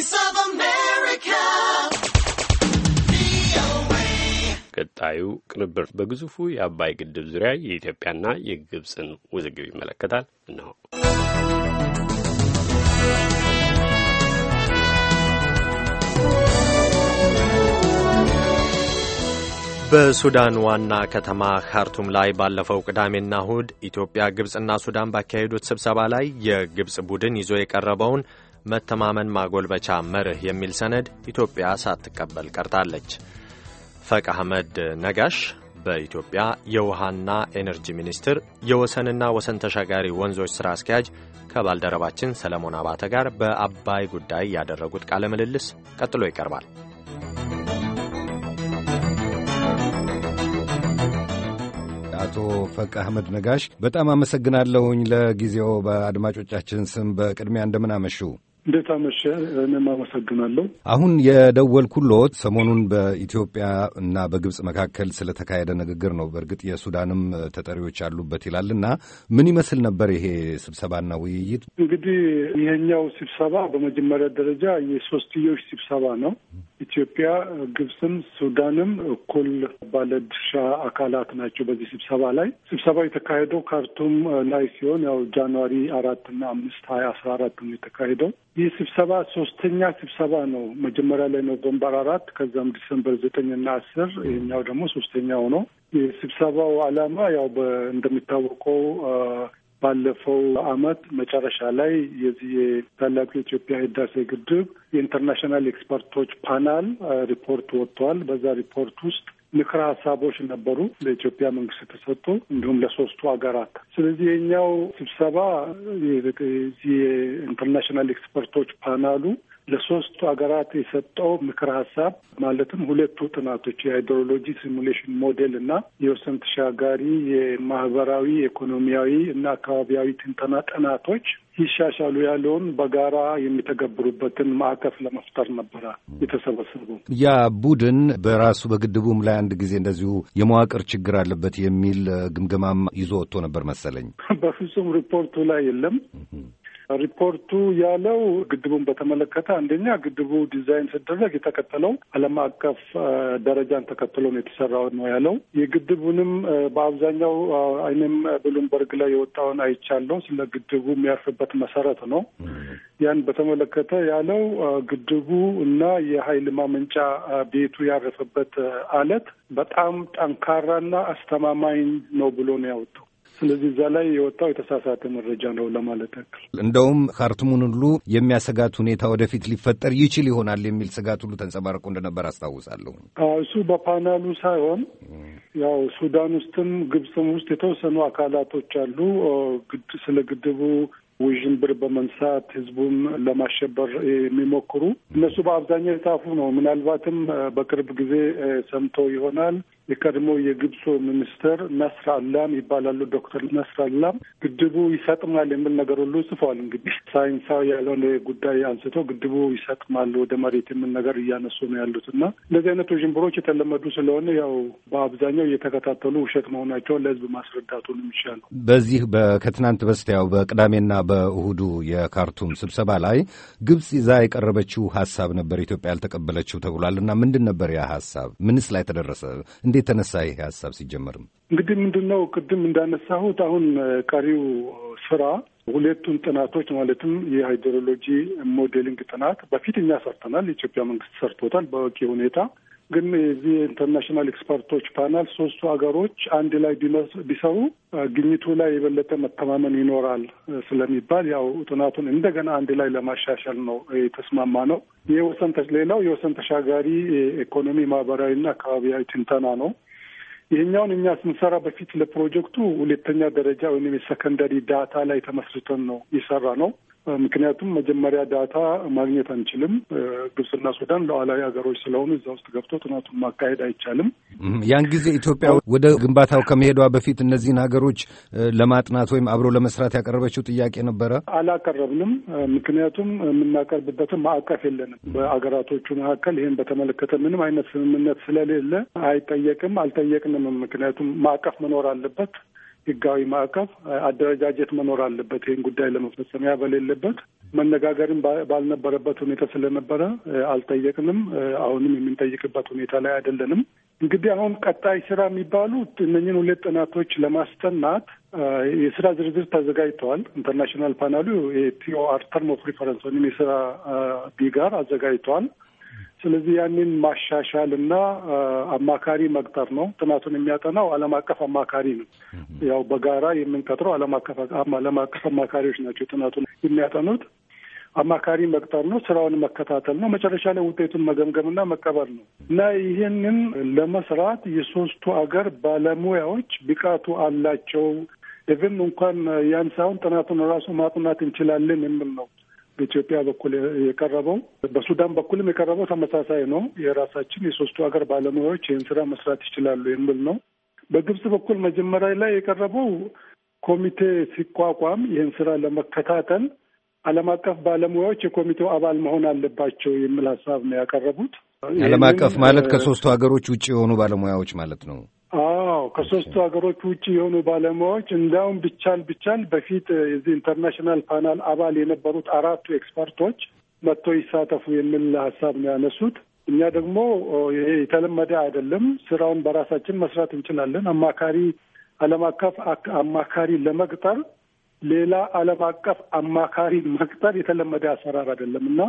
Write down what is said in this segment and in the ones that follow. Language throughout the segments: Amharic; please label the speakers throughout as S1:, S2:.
S1: Voice of America. ቀጣዩ ቅንብር በግዙፉ የአባይ ግድብ ዙሪያ የኢትዮጵያና የግብፅን ውዝግብ ይመለከታል። እነሆ በሱዳን ዋና ከተማ ካርቱም ላይ ባለፈው ቅዳሜና እሁድ ኢትዮጵያ፣ ግብፅና ሱዳን ባካሄዱት ስብሰባ ላይ የግብፅ ቡድን ይዞ የቀረበውን መተማመን ማጎልበቻ መርህ የሚል ሰነድ ኢትዮጵያ ሳትቀበል ቀርታለች። ፈቅ አህመድ ነጋሽ በኢትዮጵያ የውሃና ኤነርጂ ሚኒስቴር የወሰንና ወሰን ተሻጋሪ ወንዞች ሥራ አስኪያጅ ከባልደረባችን ሰለሞን አባተ ጋር በአባይ ጉዳይ ያደረጉት ቃለ ምልልስ ቀጥሎ ይቀርባል። አቶ ፈቅ አህመድ ነጋሽ በጣም አመሰግናለሁኝ ለጊዜው። በአድማጮቻችን ስም በቅድሚያ እንደምን አመሹ?
S2: እንዴት አመሸ። እኔም አመሰግናለሁ።
S1: አሁን የደወልኩሎት ሰሞኑን በኢትዮጵያ እና በግብጽ መካከል ስለተካሄደ ንግግር ነው። በእርግጥ የሱዳንም ተጠሪዎች ያሉበት ይላል እና ምን ይመስል ነበር ይሄ ስብሰባና ውይይት?
S2: እንግዲህ ይሄኛው ስብሰባ በመጀመሪያ ደረጃ የሶስትዮሽ ስብሰባ ነው። ኢትዮጵያ፣ ግብፅም ሱዳንም እኩል ባለድርሻ አካላት ናቸው በዚህ ስብሰባ ላይ። ስብሰባ የተካሄደው ካርቱም ላይ ሲሆን ያው ጃንዋሪ አራት እና አምስት ሀያ አስራ አራት ነው የተካሄደው። ይህ ስብሰባ ሶስተኛ ስብሰባ ነው። መጀመሪያ ላይ ኖቨምበር አራት ከዛም ዲሰምበር ዘጠኝ እና አስር ይህኛው ደግሞ ሶስተኛው ነው። የስብሰባው ዓላማ ያው እንደሚታወቀው ባለፈው አመት መጨረሻ ላይ የዚህ የታላቁ የኢትዮጵያ ህዳሴ ግድብ የኢንተርናሽናል ኤክስፐርቶች ፓናል ሪፖርት ወጥተዋል። በዛ ሪፖርት ውስጥ ምክረ ሀሳቦች ነበሩ ለኢትዮጵያ መንግስት የተሰጡ እንዲሁም ለሶስቱ ሀገራት። ስለዚህ የኛው ስብሰባ የኢንተርናሽናል ኤክስፐርቶች ፓናሉ ለሶስቱ ሀገራት የሰጠው ምክር ሀሳብ ማለትም ሁለቱ ጥናቶች የሃይድሮሎጂ ሲሙሌሽን ሞዴል እና የወሰን ተሻጋሪ የማህበራዊ ኢኮኖሚያዊ እና አካባቢያዊ ትንተና ጥናቶች ይሻሻሉ ያለውን በጋራ የሚተገብሩበትን ማዕቀፍ ለመፍጠር ነበረ የተሰበሰቡ።
S1: ያ ቡድን በራሱ በግድቡም ላይ አንድ ጊዜ እንደዚሁ የመዋቅር ችግር አለበት የሚል ግምገማም ይዞ ወጥቶ ነበር መሰለኝ።
S2: በፍጹም ሪፖርቱ ላይ የለም። ሪፖርቱ ያለው ግድቡን በተመለከተ አንደኛ ግድቡ ዲዛይን ሲደረግ የተከተለው ዓለም አቀፍ ደረጃን ተከትሎ ነው የተሰራው ነው ያለው። የግድቡንም በአብዛኛው እኔም ብሉምበርግ ላይ የወጣውን አይቻለው። ስለ ግድቡ የሚያርፍበት መሰረት ነው ያን በተመለከተ ያለው ግድቡ እና የኃይል ማመንጫ ቤቱ ያረፈበት አለት በጣም ጠንካራና አስተማማኝ ነው ብሎ ነው ያወጣው። ስለዚህ እዛ ላይ የወጣው የተሳሳተ መረጃ ነው ለማለት ያክል።
S1: እንደውም ካርቱሙን ሁሉ የሚያሰጋት ሁኔታ ወደፊት ሊፈጠር ይችል ይሆናል የሚል ስጋት ሁሉ ተንጸባርቆ እንደነበር አስታውሳለሁ።
S2: እሱ በፓናሉ ሳይሆን ያው ሱዳን ውስጥም ግብፅም ውስጥ የተወሰኑ አካላቶች አሉ ስለ ግድቡ ውዥንብር በመንሳት ህዝቡም ለማሸበር የሚሞክሩ እነሱ በአብዛኛው የጻፉ ነው። ምናልባትም በቅርብ ጊዜ ሰምቶ ይሆናል የቀድሞ የግብፁ ሚኒስትር ነስር አላም ይባላሉ። ዶክተር ነስር አላም ግድቡ ይሰጥማል የሚል ነገር ሁሉ ጽፏል። እንግዲህ ሳይንሳዊ ያልሆነ ጉዳይ አንስቶ ግድቡ ይሰጥማል ወደ መሬት የሚል ነገር እያነሱ ነው ያሉት እና እንደዚህ አይነት ውዥንብሮች የተለመዱ ስለሆነ ያው በአብዛኛው እየተከታተሉ ውሸት መሆናቸውን ለህዝብ ማስረዳቱ ነው የሚሻለው።
S1: በዚህ ከትናንት በስቲያው በቅዳሜና በእሁዱ የካርቱም ስብሰባ ላይ ግብፅ ይዛ የቀረበችው ሀሳብ ነበር ኢትዮጵያ ያልተቀበለችው ተብሏል እና ምንድን ነበር ያ ሀሳብ? ምንስ ላይ ተደረሰ? እንዴት ተነሳ ይሄ ሀሳብ? ሲጀመርም
S2: እንግዲህ ምንድን ነው ቅድም እንዳነሳሁት አሁን ቀሪው ስራ ሁለቱን ጥናቶች ማለትም የሃይድሮሎጂ ሞዴሊንግ ጥናት በፊት እኛ ሰርተናል፣ የኢትዮጵያ መንግስት ሰርቶታል በቂ ሁኔታ ግን የዚህ ኢንተርናሽናል ኤክስፐርቶች ፓናል ሶስቱ ሀገሮች አንድ ላይ ቢሰሩ ግኝቱ ላይ የበለጠ መተማመን ይኖራል ስለሚባል ያው ጥናቱን እንደገና አንድ ላይ ለማሻሻል ነው የተስማማ ነው። የወሰን ሌላው የወሰን ተሻጋሪ ኢኮኖሚ ማህበራዊና አካባቢያዊ ትንተና ነው። ይህኛውን እኛ ስንሰራ በፊት ለፕሮጀክቱ ሁለተኛ ደረጃ ወይም የሰከንደሪ ዳታ ላይ ተመስርተን ነው የሰራ ነው። ምክንያቱም መጀመሪያ ዳታ ማግኘት አንችልም። ግብጽና ሱዳን ሉዓላዊ ሀገሮች ስለሆኑ እዛ ውስጥ ገብቶ ጥናቱን ማካሄድ አይቻልም።
S1: ያን ጊዜ ኢትዮጵያ ወደ ግንባታው ከመሄዷ በፊት እነዚህን ሀገሮች ለማጥናት ወይም አብሮ ለመስራት ያቀረበችው ጥያቄ ነበረ።
S2: አላቀረብንም። ምክንያቱም የምናቀርብበትን ማዕቀፍ የለንም። በአገራቶቹ መካከል ይህን በተመለከተ ምንም አይነት ስምምነት ስለሌለ አይጠየቅም፣ አልጠየቅንም። ምክንያቱም ማዕቀፍ መኖር አለበት። ህጋዊ ማዕቀፍ አደረጃጀት መኖር አለበት። ይህን ጉዳይ ለመፈጸሚያ በሌለበት መነጋገርም ባልነበረበት ሁኔታ ስለነበረ አልጠየቅንም። አሁንም የምንጠይቅበት ሁኔታ ላይ አይደለንም። እንግዲህ አሁን ቀጣይ ስራ የሚባሉት እነኝን ሁለት ጥናቶች ለማስጠናት የስራ ዝርዝር ተዘጋጅተዋል። ኢንተርናሽናል ፓናሉ የቲኦአር ተርም ሪፈረንስ ወይም የስራ ቢጋር አዘጋጅተዋል። ስለዚህ ያንን ማሻሻል እና አማካሪ መቅጠር ነው። ጥናቱን የሚያጠናው ዓለም አቀፍ አማካሪ ነው። ያው በጋራ የምንቀጥረው ዓለም አቀፍ አማካሪዎች ናቸው ጥናቱን የሚያጠኑት። አማካሪ መቅጠር ነው። ስራውን መከታተል ነው። መጨረሻ ላይ ውጤቱን መገምገምና መቀበል ነው እና ይህንን ለመስራት የሶስቱ አገር ባለሙያዎች ብቃቱ አላቸው። ኢቨን እንኳን ያን ሳይሆን ጥናቱን ራሱ ማጥናት እንችላለን የምል ነው በኢትዮጵያ በኩል የቀረበው በሱዳን በኩልም የቀረበው ተመሳሳይ ነው። የራሳችን የሶስቱ ሀገር ባለሙያዎች ይህን ስራ መስራት ይችላሉ የሚል ነው። በግብጽ በኩል መጀመሪያ ላይ የቀረበው ኮሚቴ ሲቋቋም ይህን ስራ ለመከታተል ዓለም አቀፍ ባለሙያዎች የኮሚቴው አባል መሆን አለባቸው የሚል ሀሳብ ነው ያቀረቡት። ዓለም አቀፍ ማለት ከሶስቱ
S1: ሀገሮች ውጭ የሆኑ ባለሙያዎች ማለት ነው።
S2: አዎ ከሶስቱ ሀገሮች ውጭ የሆኑ ባለሙያዎች እንዲያውም ብቻል ብቻል በፊት የዚህ ኢንተርናሽናል ፓናል አባል የነበሩት አራቱ ኤክስፐርቶች መጥቶ ይሳተፉ የሚል ሀሳብ ነው ያነሱት። እኛ ደግሞ ይሄ የተለመደ አይደለም፣ ስራውን በራሳችን መስራት እንችላለን። አማካሪ ዓለም አቀፍ አማካሪ ለመቅጠር ሌላ ዓለም አቀፍ አማካሪ መቅጠር የተለመደ አሰራር አይደለም እና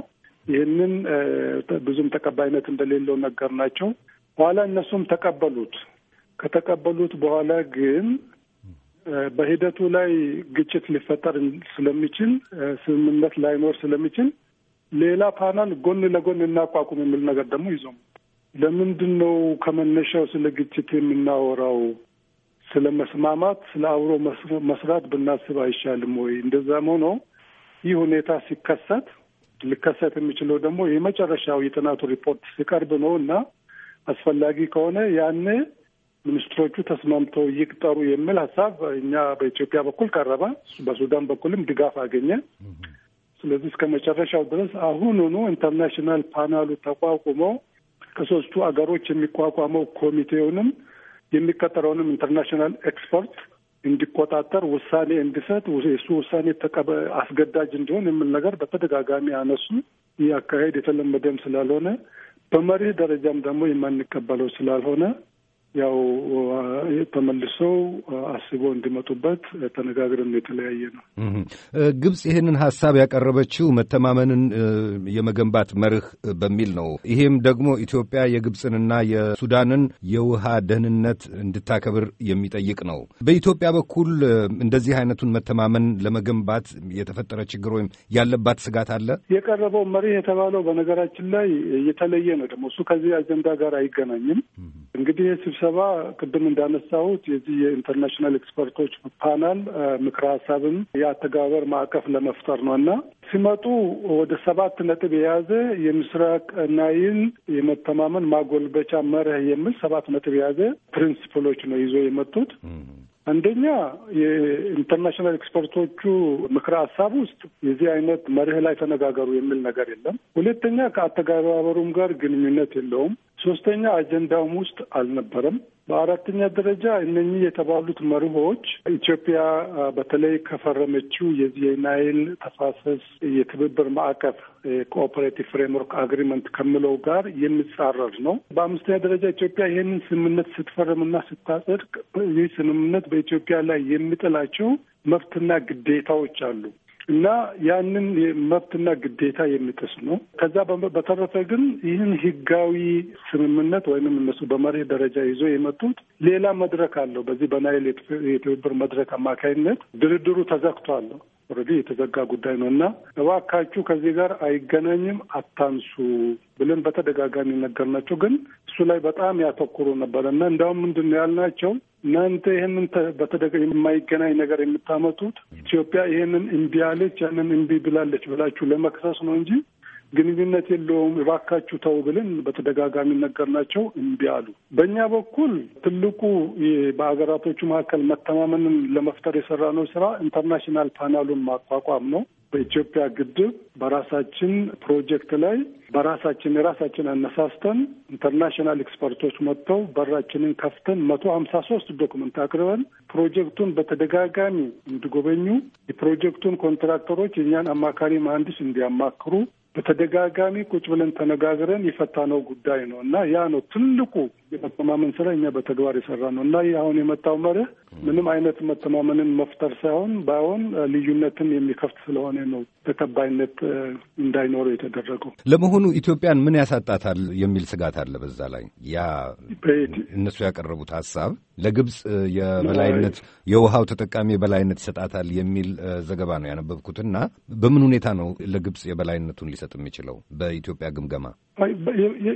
S2: ይህንን ብዙም ተቀባይነት እንደሌለው ነገር ናቸው። በኋላ እነሱም ተቀበሉት። ከተቀበሉት በኋላ ግን በሂደቱ ላይ ግጭት ሊፈጠር ስለሚችል ስምምነት ላይኖር ስለሚችል ሌላ ፓናል ጎን ለጎን እናቋቁም የሚል ነገር ደግሞ ይዞም ለምንድን ነው ከመነሻው ስለ ግጭት የምናወራው? ስለ መስማማት፣ ስለ አብሮ መስራት ብናስብ አይሻልም ወይ? እንደዛም ሆኖ ይህ ሁኔታ ሲከሰት ሊከሰት የሚችለው ደግሞ የመጨረሻው የጥናቱ ሪፖርት ሲቀርብ ነው እና አስፈላጊ ከሆነ ያኔ ሚኒስትሮቹ ተስማምተው ይቅጠሩ የሚል ሀሳብ እኛ በኢትዮጵያ በኩል ቀረበ። በሱዳን በኩልም ድጋፍ አገኘ። ስለዚህ እስከ መጨረሻው ድረስ አሁኑኑ ኢንተርናሽናል ፓናሉ ተቋቁሞ ከሶስቱ አገሮች የሚቋቋመው ኮሚቴውንም የሚቀጠረውንም ኢንተርናሽናል ኤክስፐርት እንዲቆጣጠር ውሳኔ እንዲሰጥ የሱ ውሳኔ ተቀበ አስገዳጅ እንዲሆን የሚል ነገር በተደጋጋሚ አነሱ። ይህ አካሄድ የተለመደም ስላልሆነ በመሪ ደረጃም ደግሞ የማንቀበለው ስላልሆነ ያው ተመልሰው አስቦ እንዲመጡበት ተነጋግረን የተለያየ ነው።
S1: ግብጽ ይህንን ሀሳብ ያቀረበችው መተማመንን የመገንባት መርህ በሚል ነው። ይሄም ደግሞ ኢትዮጵያ የግብፅንና የሱዳንን የውሃ ደህንነት እንድታከብር የሚጠይቅ ነው። በኢትዮጵያ በኩል እንደዚህ አይነቱን መተማመን ለመገንባት የተፈጠረ ችግር ወይም ያለባት ስጋት አለ። የቀረበው መርህ
S2: የተባለው በነገራችን ላይ የተለየ ነው። ደግሞ እሱ ከዚህ አጀንዳ ጋር አይገናኝም። እንግዲህ ስብሰባ ቅድም እንዳነሳሁት የዚህ የኢንተርናሽናል ኤክስፐርቶች ፓናል ምክረ ሀሳብም የአተገባበር ማዕቀፍ ለመፍጠር ነው እና ሲመጡ ወደ ሰባት ነጥብ የያዘ የምስራቅ ናይል የመተማመን ማጎልበቻ መርህ የሚል ሰባት ነጥብ የያዘ ፕሪንስፕሎች ነው ይዞ የመጡት። አንደኛ የኢንተርናሽናል ኤክስፐርቶቹ ምክረ ሀሳብ ውስጥ የዚህ አይነት መርህ ላይ ተነጋገሩ የሚል ነገር የለም። ሁለተኛ ከአተገባበሩም ጋር ግንኙነት የለውም። ሶስተኛ አጀንዳውም ውስጥ አልነበረም። በአራተኛ ደረጃ እነኚህ የተባሉት መርሆች ኢትዮጵያ በተለይ ከፈረመችው የዚህ የናይል ተፋሰስ የትብብር ማዕቀፍ የኮኦፐሬቲቭ ፍሬምወርክ አግሪመንት ከምለው ጋር የሚጻረር ነው። በአምስተኛ ደረጃ ኢትዮጵያ ይህንን ስምምነት ስትፈርምና ስታጸድቅ ይህ ስምምነት በኢትዮጵያ ላይ የሚጥላቸው መብትና ግዴታዎች አሉ። እና ያንን መብትና ግዴታ የሚጥስ ነው። ከዛ በተረፈ ግን ይህን ህጋዊ ስምምነት ወይንም እነሱ በመርህ ደረጃ ይዞ የመጡት ሌላ መድረክ አለው። በዚህ በናይል የትብብር መድረክ አማካኝነት ድርድሩ ተዘግቷል። ኦልሬዲ የተዘጋ ጉዳይ ነው እና እባካችሁ ከዚህ ጋር አይገናኝም አታንሱ ብለን በተደጋጋሚ ነገርናቸው። ግን እሱ ላይ በጣም ያተኩሩ ነበር እና እንዲያውም ምንድን ነው ያልናቸው እናንተ ይህንን በተደጋ የማይገናኝ ነገር የምታመጡት ኢትዮጵያ ይህንን እምቢ አለች ያንን እምቢ ብላለች ብላችሁ ለመክሰስ ነው እንጂ ግንኙነት የለውም እባካችሁ ተው ብለን በተደጋጋሚ ነገር ናቸው እምቢ አሉ። በእኛ በኩል ትልቁ በሀገራቶቹ መካከል መተማመንን ለመፍጠር የሰራ ነው ስራ ኢንተርናሽናል ፓናሉን ማቋቋም ነው። በኢትዮጵያ ግድብ በራሳችን ፕሮጀክት ላይ በራሳችን የራሳችን አነሳስተን ኢንተርናሽናል ኤክስፐርቶች መጥተው በራችንን ከፍተን መቶ ሀምሳ ሶስት ዶክመንት አቅርበን ፕሮጀክቱን በተደጋጋሚ እንዲጎበኙ የፕሮጀክቱን ኮንትራክተሮች የእኛን አማካሪ መሀንዲስ እንዲያማክሩ በተደጋጋሚ ቁጭ ብለን ተነጋግረን የፈታነው ጉዳይ ነው እና ያ ነው ትልቁ የመተማመን ስራ እኛ በተግባር የሰራ ነው እና ይህ አሁን የመጣው መርህ ምንም አይነት መተማመንን መፍጠር ሳይሆን ባይሆን ልዩነትን የሚከፍት ስለሆነ ነው ተቀባይነት እንዳይኖረው የተደረገው።
S1: ለመሆኑ ኢትዮጵያን ምን ያሳጣታል የሚል ስጋት አለ። በዛ ላይ ያ እነሱ ያቀረቡት ሀሳብ ለግብፅ የበላይነት የውሃው ተጠቃሚ የበላይነት ይሰጣታል የሚል ዘገባ ነው ያነበብኩትና በምን ሁኔታ ነው ለግብፅ የበላይነቱን ሊሰጥ የሚችለው በኢትዮጵያ ግምገማ?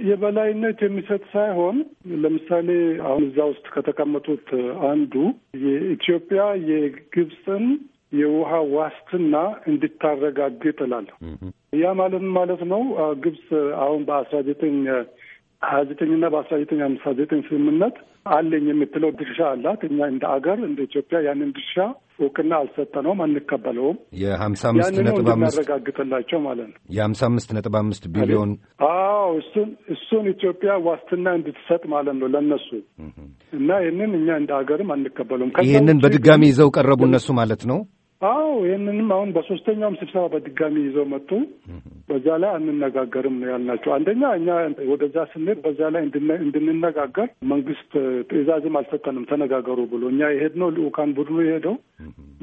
S2: የበላይነት የሚሰጥ ሳይሆን ለምሳሌ አሁን እዛ ውስጥ ከተቀመጡት አንዱ የኢትዮጵያ የግብፅን የውሃ ዋስትና እንድታረጋግጥ እላለሁ። ያ ማለት ማለት ነው ግብፅ አሁን በአስራ ዘጠኝ ሀያ ዘጠኝና በአስራ ዘጠኝ ሀምሳ ዘጠኝ ስምምነት አለኝ የምትለው ድርሻ አላት። እኛ እንደ አገር እንደ ኢትዮጵያ ያንን ድርሻ እውቅና አልሰጠነውም፣ አንቀበለውም።
S1: የሀምሳ አምስት ነጥብ አምስት
S2: ያረጋግጥላቸው ማለት ነው።
S1: የሀምሳ አምስት ነጥብ አምስት ቢሊዮን
S2: አዎ፣ እሱን እሱን ኢትዮጵያ ዋስትና እንድትሰጥ ማለት ነው ለእነሱ እና ይህንን እኛ እንደ አገርም አንቀበለውም። ይህንን በድጋሚ ይዘው ቀረቡ
S1: እነሱ ማለት ነው።
S2: አዎ ይህንንም አሁን በሶስተኛውም ስብሰባ በድጋሚ ይዘው መጡ። በዛ ላይ አንነጋገርም ነው ያልናቸው። አንደኛ እኛ ወደዛ ስንሄድ በዛ ላይ እንድንነጋገር መንግስት ትዕዛዝም አልሰጠንም ተነጋገሩ ብሎ። እኛ የሄድነው ልኡካን ቡድኑ የሄደው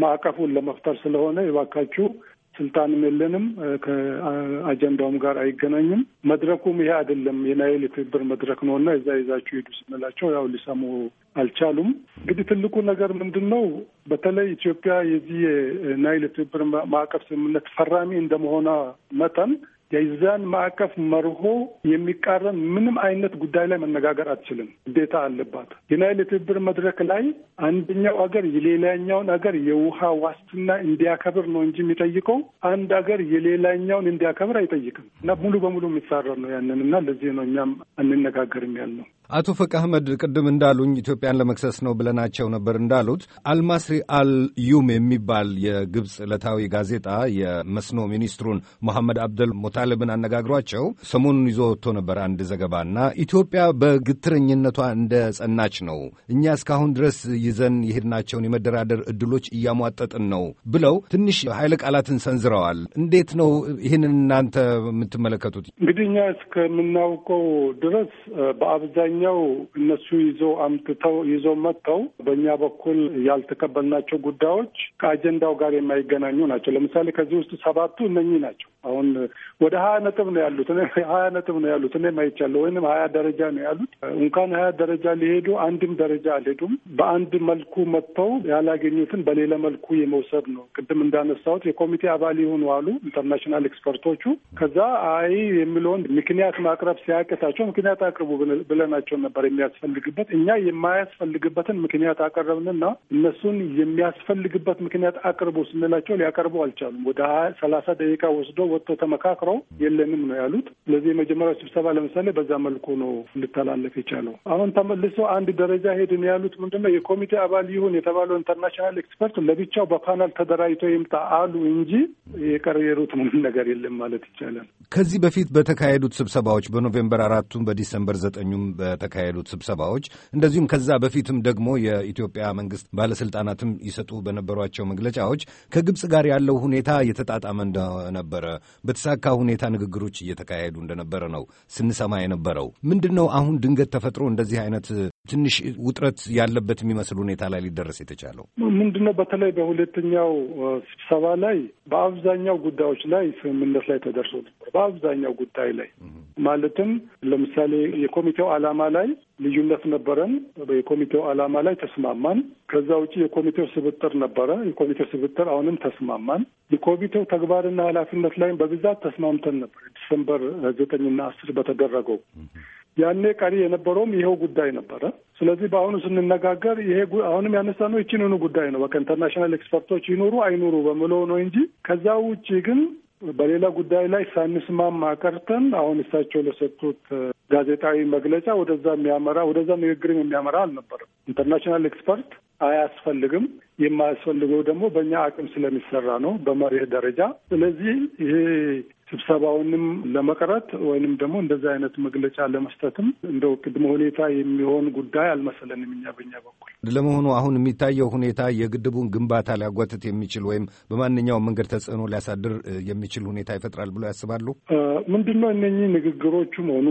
S2: ማዕቀፉን ለመፍጠር ስለሆነ እባካችሁ ስልጣንም የለንም፣ ከአጀንዳውም ጋር አይገናኝም። መድረኩም ይሄ አይደለም፣ የናይል የትብብር መድረክ ነው እና እዛ ይዛችሁ ሄዱ ስንላቸው ያው ሊሰሙ አልቻሉም። እንግዲህ ትልቁ ነገር ምንድን ነው? በተለይ ኢትዮጵያ የዚህ የናይል የትብብር ማዕቀፍ ስምምነት ፈራሚ እንደመሆኗ መጠን የዛን ማዕቀፍ መርሆ የሚቃረን ምንም አይነት ጉዳይ ላይ መነጋገር አትችልም። ግዴታ አለባት። የናይል የትብብር መድረክ ላይ አንደኛው አገር የሌላኛውን አገር የውሃ ዋስትና እንዲያከብር ነው እንጂ የሚጠይቀው አንድ አገር የሌላኛውን እንዲያከብር አይጠይቅም። እና ሙሉ በሙሉ የሚጻረር ነው ያንን እና ለዚህ ነው እኛም አንነጋገርም ያልነው።
S1: አቶ ፈቅ አህመድ ቅድም እንዳሉኝ ኢትዮጵያን ለመክሰስ ነው ብለናቸው ነበር። እንዳሉት አልማስሪ አልዩም የሚባል የግብፅ ዕለታዊ ጋዜጣ የመስኖ ሚኒስትሩን መሐመድ አብደል ሞታልብን አነጋግሯቸው ሰሞኑን ይዞ ወጥቶ ነበር አንድ እና ኢትዮጵያ በግትረኝነቷ እንደ ጸናች ነው እኛ እስካሁን ድረስ ይዘን የሄድናቸውን የመደራደር እድሎች እያሟጠጥን ነው ብለው ትንሽ ኃይለ ቃላትን ሰንዝረዋል። እንዴት ነው ይህንን እናንተ የምትመለከቱት?
S2: እንግዲህ እኛ እስከምናውቀው ድረስ በአብዛኛ አንደኛው እነሱ ይዞ አምጥተው ይዞ መጥተው በእኛ በኩል ያልተቀበልናቸው ጉዳዮች ከአጀንዳው ጋር የማይገናኙ ናቸው። ለምሳሌ ከዚህ ውስጥ ሰባቱ እነኚህ ናቸው። አሁን ወደ ሀያ ነጥብ ነው ያሉት ሀያ ነጥብ ነው ያሉት እኔም አይቻለሁ። ወይም ሀያ ደረጃ ነው ያሉት። እንኳን ሀያ ደረጃ ሊሄዱ አንድም ደረጃ አልሄዱም። በአንድ መልኩ መጥተው ያላገኙትን በሌላ መልኩ የመውሰድ ነው። ቅድም እንዳነሳሁት የኮሚቴ አባል ይሁኑ አሉ ኢንተርናሽናል ኤክስፐርቶቹ። ከዛ አይ የሚለውን ምክንያት ማቅረብ ሲያቅታቸው ምክንያት አቅርቡ ብለናቸው እሳቸውን ነበር የሚያስፈልግበት። እኛ የማያስፈልግበትን ምክንያት አቀረብንና እነሱን የሚያስፈልግበት ምክንያት አቅርቡ ስንላቸው ሊያቀርቡ አልቻሉም። ወደ ሀያ ሰላሳ ደቂቃ ወስዶ ወጥቶ ተመካክረው የለንም ነው ያሉት። ስለዚህ የመጀመሪያው ስብሰባ ለምሳሌ በዛ መልኩ ነው ልተላለፍ የቻለው። አሁን ተመልሶ አንድ ደረጃ ሄድን ያሉት ምንድነው የኮሚቴ አባል ይሁን የተባለው ኢንተርናሽናል ኤክስፐርት ለብቻው በፓናል ተደራጅቶ ይምጣ አሉ እንጂ የቀየሩት ምንም ነገር የለም ማለት ይቻላል።
S1: ከዚህ በፊት በተካሄዱት ስብሰባዎች በኖቬምበር አራቱም በዲሰምበር ዘጠኙም ከተካሄዱት ስብሰባዎች እንደዚሁም ከዛ በፊትም ደግሞ የኢትዮጵያ መንግስት ባለስልጣናትም ይሰጡ በነበሯቸው መግለጫዎች ከግብፅ ጋር ያለው ሁኔታ የተጣጣመ እንደነበረ በተሳካ ሁኔታ ንግግሮች እየተካሄዱ እንደነበረ ነው ስንሰማ የነበረው። ምንድን ነው አሁን ድንገት ተፈጥሮ እንደዚህ አይነት ትንሽ ውጥረት ያለበት የሚመስል ሁኔታ ላይ ሊደረስ የተቻለው
S2: ምንድነው? በተለይ በሁለተኛው ስብሰባ ላይ በአብዛኛው ጉዳዮች ላይ ስምምነት ላይ ተደርሶ ነበር። በአብዛኛው ጉዳይ ላይ ማለትም ለምሳሌ የኮሚቴው ዓላማ ላይ ልዩነት ነበረን። የኮሚቴው ዓላማ ላይ ተስማማን። ከዛ ውጭ የኮሚቴው ስብጥር ነበረ። የኮሚቴው ስብጥር አሁንም ተስማማን። የኮሚቴው ተግባርና ኃላፊነት ላይም በብዛት ተስማምተን ነበር። ዲሰምበር ዘጠኝና አስር በተደረገው ያኔ ቀሪ የነበረውም ይኸው ጉዳይ ነበረ። ስለዚህ በአሁኑ ስንነጋገር ይሄ አሁንም ያነሳነው ይችንኑ ጉዳይ ነው። በቃ ኢንተርናሽናል ኤክስፐርቶች ይኖሩ አይኖሩ በምለው ነው እንጂ ከዛ ውጭ ግን በሌላ ጉዳይ ላይ ሳንስማማ ቀርተን አሁን እሳቸው ለሰጡት ጋዜጣዊ መግለጫ ወደዛ የሚያመራ ወደዛ ንግግርም የሚያመራ አልነበረም። ኢንተርናሽናል ኤክስፐርት አያስፈልግም። የማያስፈልገው ደግሞ በእኛ አቅም ስለሚሰራ ነው በመርህ ደረጃ። ስለዚህ ይሄ ስብሰባውንም ለመቅረት ወይንም ደግሞ እንደዚህ አይነት መግለጫ ለመስጠትም እንደው ቅድመ ሁኔታ የሚሆን ጉዳይ አልመሰለንም እኛ በኛ
S1: በኩል። ለመሆኑ አሁን የሚታየው ሁኔታ የግድቡን ግንባታ ሊያጓትት የሚችል ወይም በማንኛውም መንገድ ተጽዕኖ ሊያሳድር የሚችል ሁኔታ ይፈጥራል ብሎ ያስባሉ? ምንድን ነው
S2: እነኚህ ንግግሮቹም ሆኑ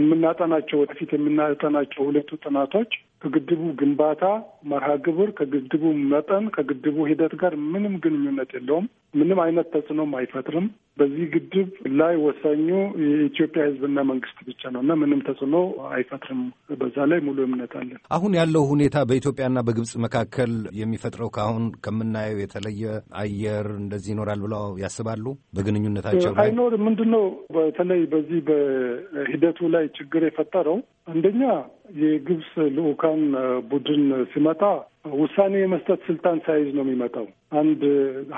S2: የምናጠናቸው ወደፊት የምናጠናቸው ሁለቱ ጥናቶች ከግድቡ ግንባታ መርሃ ግብር፣ ከግድቡ መጠን፣ ከግድቡ ሂደት ጋር ምንም ግንኙነት የለውም። ምንም አይነት ተጽዕኖም አይፈጥርም። በዚህ ግድብ ላይ ወሳኙ የኢትዮጵያ ሕዝብና መንግስት ብቻ ነው እና ምንም ተጽዕኖ አይፈጥርም። በዛ ላይ ሙሉ እምነት
S1: አለን። አሁን ያለው ሁኔታ በኢትዮጵያና በግብጽ መካከል የሚፈጥረው ከአሁን ከምናየው የተለየ አየር እንደዚህ ይኖራል ብለው ያስባሉ? በግንኙነታቸው አይኖር
S2: ምንድን ነው በተለይ በዚህ በሂደቱ ላይ ችግር የፈጠረው አንደኛ የግብጽ ልዑካን ቡድን ሲመጣ ውሳኔ የመስጠት ስልጣን ሳይዝ ነው የሚመጣው። አንድ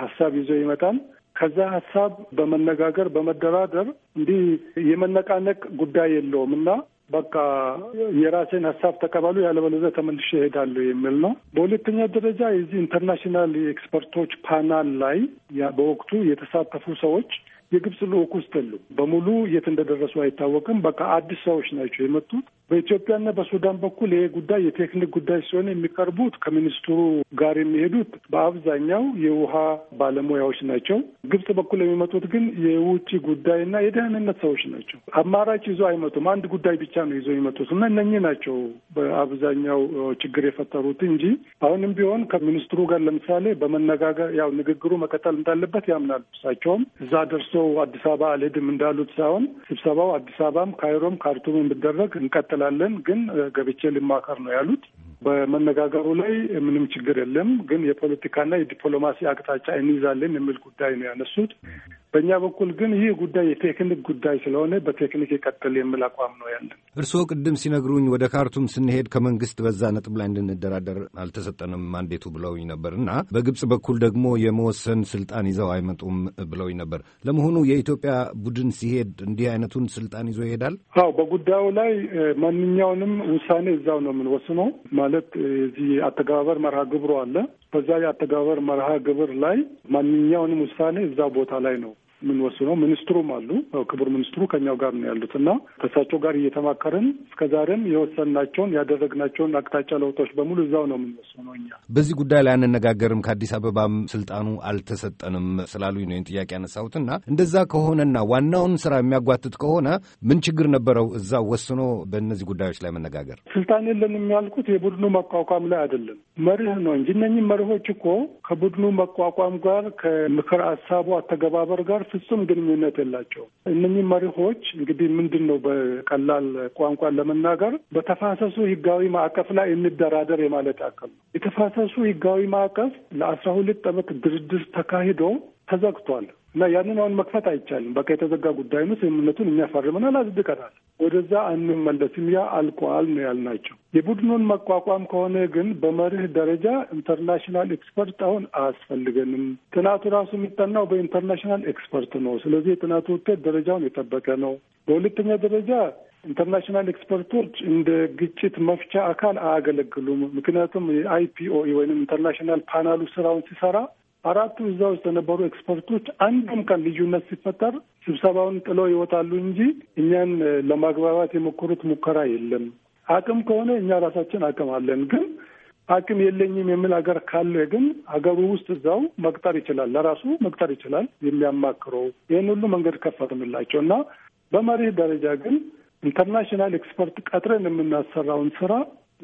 S2: ሀሳብ ይዞ ይመጣል። ከዛ ሀሳብ በመነጋገር በመደራደር እንዲህ የመነቃነቅ ጉዳይ የለውም እና በቃ የራሴን ሀሳብ ተቀበሉ፣ ያለበለዚያ ተመልሼ እሄዳለሁ የሚል ነው። በሁለተኛ ደረጃ የዚህ ኢንተርናሽናል የኤክስፐርቶች ፓናል ላይ በወቅቱ የተሳተፉ ሰዎች የግብፅ ልዑክ ውስጥ የሉም። በሙሉ የት እንደደረሱ አይታወቅም። በቃ አዲስ ሰዎች ናቸው የመጡት። በኢትዮጵያና በሱዳን በኩል ይሄ ጉዳይ የቴክኒክ ጉዳይ ሲሆን የሚቀርቡት ከሚኒስትሩ ጋር የሚሄዱት በአብዛኛው የውሃ ባለሙያዎች ናቸው። ግብጽ በኩል የሚመጡት ግን የውጭ ጉዳይና የደህንነት ሰዎች ናቸው። አማራጭ ይዞ አይመጡም። አንድ ጉዳይ ብቻ ነው ይዞ የሚመጡት እና እነኚህ ናቸው በአብዛኛው ችግር የፈጠሩት እንጂ አሁንም ቢሆን ከሚኒስትሩ ጋር ለምሳሌ በመነጋገር ያው ንግግሩ መቀጠል እንዳለበት ያምናሉ። እሳቸውም እዛ ደርሰው አዲስ አበባ አልሄድም እንዳሉት ሳይሆን ስብሰባው አዲስ አበባም ካይሮም ካርቱም የሚደረግ እንቀጥል እንከላከላለን፣ ግን ገብቼ ልማከር ነው ያሉት። በመነጋገሩ ላይ ምንም ችግር የለም፣ ግን የፖለቲካና የዲፕሎማሲ አቅጣጫ እንይዛለን የሚል ጉዳይ ነው ያነሱት። በእኛ በኩል ግን ይህ ጉዳይ የቴክኒክ ጉዳይ ስለሆነ በቴክኒክ ይቀጥል የሚል አቋም ነው ያለን።
S1: እርስዎ ቅድም ሲነግሩኝ ወደ ካርቱም ስንሄድ ከመንግስት በዛ ነጥብ ላይ እንድንደራደር አልተሰጠንም ማንዴቱ ብለውኝ ነበር እና በግብጽ በኩል ደግሞ የመወሰን ስልጣን ይዘው አይመጡም ብለውኝ ነበር። ለመሆኑ የኢትዮጵያ ቡድን ሲሄድ እንዲህ አይነቱን ስልጣን ይዞ ይሄዳል?
S2: አዎ፣ በጉዳዩ ላይ ማንኛውንም ውሳኔ እዛው ነው የምንወስነው። ማለት የዚህ አተገባበር መርሃ ግብሩ አለ። በዛ የአተገባበር መርሃ ግብር ላይ ማንኛውንም ውሳኔ እዛው ቦታ ላይ ነው የምንወስነው። ሚኒስትሩም አሉ ክቡር ሚኒስትሩ ከኛው ጋር ነው ያሉት እና ከእሳቸው ጋር እየተማከርን እስከዛሬም የወሰንናቸውን ያደረግናቸውን አቅጣጫ ለውጦች በሙሉ እዛው ነው የምንወስነው
S1: እኛ። በዚህ ጉዳይ ላይ አንነጋገርም ከአዲስ አበባም ስልጣኑ አልተሰጠንም ስላሉ ነው ጥያቄ ያነሳሁት እና እንደዛ ከሆነና ዋናውን ስራ የሚያጓትት ከሆነ ምን ችግር ነበረው እዛ ወስኖ በእነዚህ ጉዳዮች ላይ መነጋገር?
S2: ስልጣን የለንም ያልኩት የቡድኑ መቋቋም ላይ አይደለም መርህ ነው እንጂ እነኚህ መርሆች እኮ ከቡድኑ መቋቋም ጋር ከምክር ሀሳቡ አተገባበር ጋር ፍጹም ግንኙነት የላቸውም። እነኚህ መርሆች እንግዲህ ምንድን ነው በቀላል ቋንቋ ለመናገር በተፋሰሱ ህጋዊ ማዕቀፍ ላይ እንደራደር የማለት ያክል ነው። የተፋሰሱ ህጋዊ ማዕቀፍ ለአስራ ሁለት ዓመት ድርድር ተካሂዶ ተዘግቷል እና ያንን አሁን መክፈት አይቻልም። በቃ የተዘጋ ጉዳይ ነው። ስምምነቱን የሚያፈርምናል አጽድቀናል። ወደዛ አንመለስም። ያ አልቋል ነው ያልናቸው። የቡድኑን መቋቋም ከሆነ ግን በመርህ ደረጃ ኢንተርናሽናል ኤክስፐርት አሁን አያስፈልገንም። ጥናቱ ራሱ የሚጠናው በኢንተርናሽናል ኤክስፐርት ነው። ስለዚህ የጥናቱ ውጤት ደረጃውን የጠበቀ ነው። በሁለተኛ ደረጃ ኢንተርናሽናል ኤክስፐርቶች እንደ ግጭት መፍቻ አካል አያገለግሉም። ምክንያቱም የአይፒኦኢ ወይም ኢንተርናሽናል ፓናሉ ስራውን ሲሰራ አራቱ እዛ ውስጥ የነበሩ ኤክስፐርቶች አንድም ቀን ልዩነት ሲፈጠር ስብሰባውን ጥለው ይወጣሉ እንጂ እኛን ለማግባባት የሞከሩት ሙከራ የለም። አቅም ከሆነ እኛ ራሳችን አቅም አለን፣ ግን አቅም የለኝም የሚል ሀገር ካለ ግን ሀገሩ ውስጥ እዛው መቅጠር ይችላል፣ ለራሱ መቅጠር ይችላል የሚያማክረው። ይህን ሁሉ መንገድ ከፈትንላቸው እና በመሪህ ደረጃ ግን ኢንተርናሽናል ኤክስፐርት ቀጥረን የምናሰራውን ስራ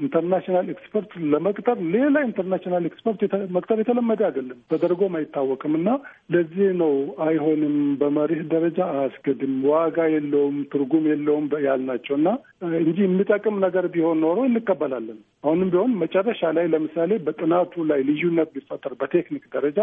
S2: ኢንተርናሽናል ኤክስፐርት ለመቅጠር ሌላ ኢንተርናሽናል ኤክስፐርት መቅጠር የተለመደ አይደለም፣ ተደርጎም አይታወቅም። እና ለዚህ ነው አይሆንም፣ በመሪህ ደረጃ አያስገድም፣ ዋጋ የለውም፣ ትርጉም የለውም ያልናቸው እና እንጂ የሚጠቅም ነገር ቢሆን ኖሮ እንቀበላለን። አሁንም ቢሆን መጨረሻ ላይ ለምሳሌ በጥናቱ ላይ ልዩነት ቢፈጠር በቴክኒክ ደረጃ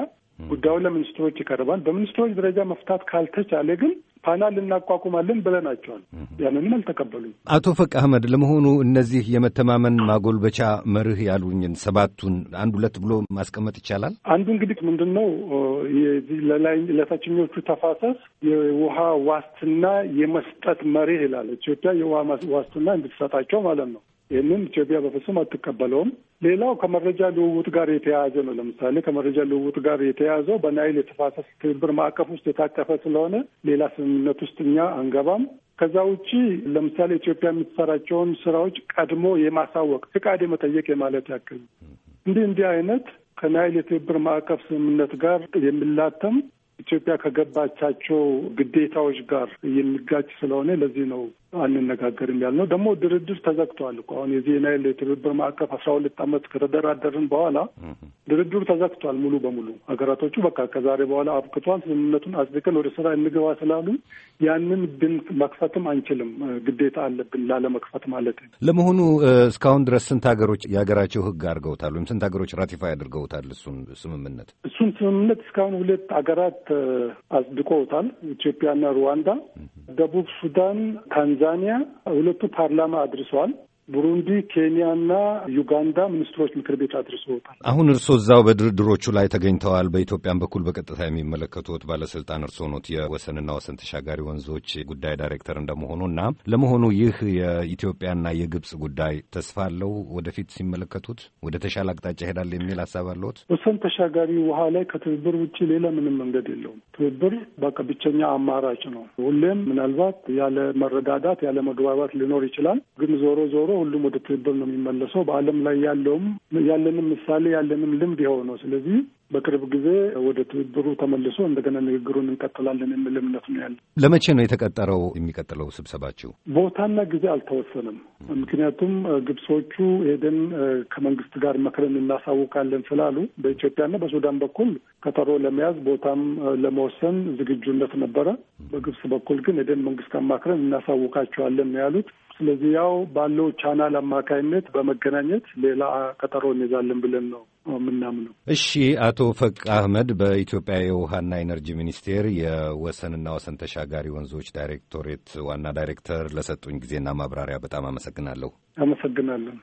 S2: ጉዳዩ ለሚኒስትሮች ይቀርባል። በሚኒስትሮች ደረጃ መፍታት ካልተቻለ ግን ፓናል እናቋቁማለን ብለናቸዋል። ያንንም አልተቀበሉም።
S1: አቶ ፈቅ አህመድ፣ ለመሆኑ እነዚህ የመተማመን ማጎልበቻ መርህ ያሉኝን ሰባቱን አንድ ሁለት ብሎ ማስቀመጥ ይቻላል?
S2: አንዱ እንግዲህ ምንድን ነው ለታችኞቹ ተፋሰስ የውሃ ዋስትና የመስጠት መርህ ይላል። ኢትዮጵያ የውሃ ዋስትና እንድትሰጣቸው ማለት ነው። ይህንን ኢትዮጵያ በፍጹም አትቀበለውም። ሌላው ከመረጃ ልውውጥ ጋር የተያያዘ ነው። ለምሳሌ ከመረጃ ልውውጥ ጋር የተያያዘው በናይል የተፋሰስ ትብብር ማዕቀፍ ውስጥ የታቀፈ ስለሆነ ሌላ ስምምነት ውስጥ እኛ አንገባም። ከዛ ውጪ ለምሳሌ ኢትዮጵያ የምትሰራቸውን ስራዎች ቀድሞ የማሳወቅ ፍቃድ የመጠየቅ የማለት ያክል እንዲህ እንዲህ አይነት ከናይል የትብብር ማዕቀፍ ስምምነት ጋር የሚላተም ኢትዮጵያ ከገባቻቸው ግዴታዎች ጋር የሚጋጭ ስለሆነ ለዚህ ነው አንነጋገርም ያልነው ደግሞ ድርድር ተዘግቷል እኮ አሁን የዜና የትብብር ማዕቀፍ አስራ ሁለት ዓመት ከተደራደርን በኋላ ድርድሩ ተዘግቷል ሙሉ በሙሉ ሀገራቶቹ በቃ ከዛሬ በኋላ አብቅቷል፣ ስምምነቱን አጽድቀን ወደ ስራ እንገባ ስላሉ ያንን ግን መክፈትም አንችልም፣ ግዴታ አለብን ላለመክፈት ማለት ነው።
S1: ለመሆኑ እስካሁን ድረስ ስንት ሀገሮች የሀገራቸው ህግ አድርገውታል ወይም ስንት ሀገሮች ራቲፋይ አድርገውታል እሱን ስምምነት?
S2: እሱን ስምምነት እስካሁን ሁለት ሀገራት አጽድቆውታል፣ ኢትዮጵያና ሩዋንዳ። ደቡብ ሱዳን፣ ታንዛ ታንዛኒያ ሁለቱ ፓርላማ አድርሰዋል። ቡሩንዲ፣ ኬንያና ዩጋንዳ ሚኒስትሮች ምክር ቤት አድርሶታል።
S1: አሁን እርስዎ እዛው በድርድሮቹ ላይ ተገኝተዋል። በኢትዮጵያም በኩል በቀጥታ የሚመለከቱት ባለስልጣን እርስዎ ኖት፣ የወሰንና ወሰን ተሻጋሪ ወንዞች ጉዳይ ዳይሬክተር እንደመሆኑ እና ለመሆኑ ይህ የኢትዮጵያና የግብጽ ጉዳይ ተስፋ አለው? ወደፊት ሲመለከቱት ወደ ተሻለ አቅጣጫ ይሄዳል የሚል ሀሳብ አለዎት?
S2: ወሰን ተሻጋሪ ውሃ ላይ ከትብብር ውጭ ሌላ ምንም መንገድ የለውም። ትብብር በቃ ብቸኛ አማራጭ ነው። ሁሌም ምናልባት ያለ መረዳዳት ያለ መግባባት ሊኖር ይችላል፣ ግን ዞሮ ዞሮ ከተጠቀመ ሁሉም ወደ ትብብር ነው የሚመለሰው። በዓለም ላይ ያለውም ያለንም ምሳሌ ያለንም ልምድ ነው። ስለዚህ በቅርብ ጊዜ ወደ ትብብሩ ተመልሶ እንደገና ንግግሩን እንቀጥላለን የሚል እምነት ነው ያለ።
S1: ለመቼ ነው የተቀጠረው የሚቀጥለው ስብሰባችሁ?
S2: ቦታና ጊዜ አልተወሰነም። ምክንያቱም ግብጾቹ ሄደን ከመንግስት ጋር መክረን እናሳውቃለን ስላሉ በኢትዮጵያና በሱዳን በኩል ቀጠሮ ለመያዝ ቦታም ለመወሰን ዝግጁነት ነበረ። በግብጽ በኩል ግን ሄደን መንግስት አማክረን እናሳውቃቸዋለን ያሉት። ስለዚህ ያው ባለው ቻናል አማካይነት በመገናኘት ሌላ ቀጠሮ እንይዛለን ብለን ነው የምናምነው።
S1: እሺ፣ አቶ ፈቅ አህመድ በኢትዮጵያ የውሃና ኤነርጂ ሚኒስቴር የወሰንና ወሰን ተሻጋሪ ወንዞች ዳይሬክቶሬት ዋና ዳይሬክተር ለሰጡኝ ጊዜና ማብራሪያ በጣም አመሰግናለሁ።
S2: አመሰግናለን።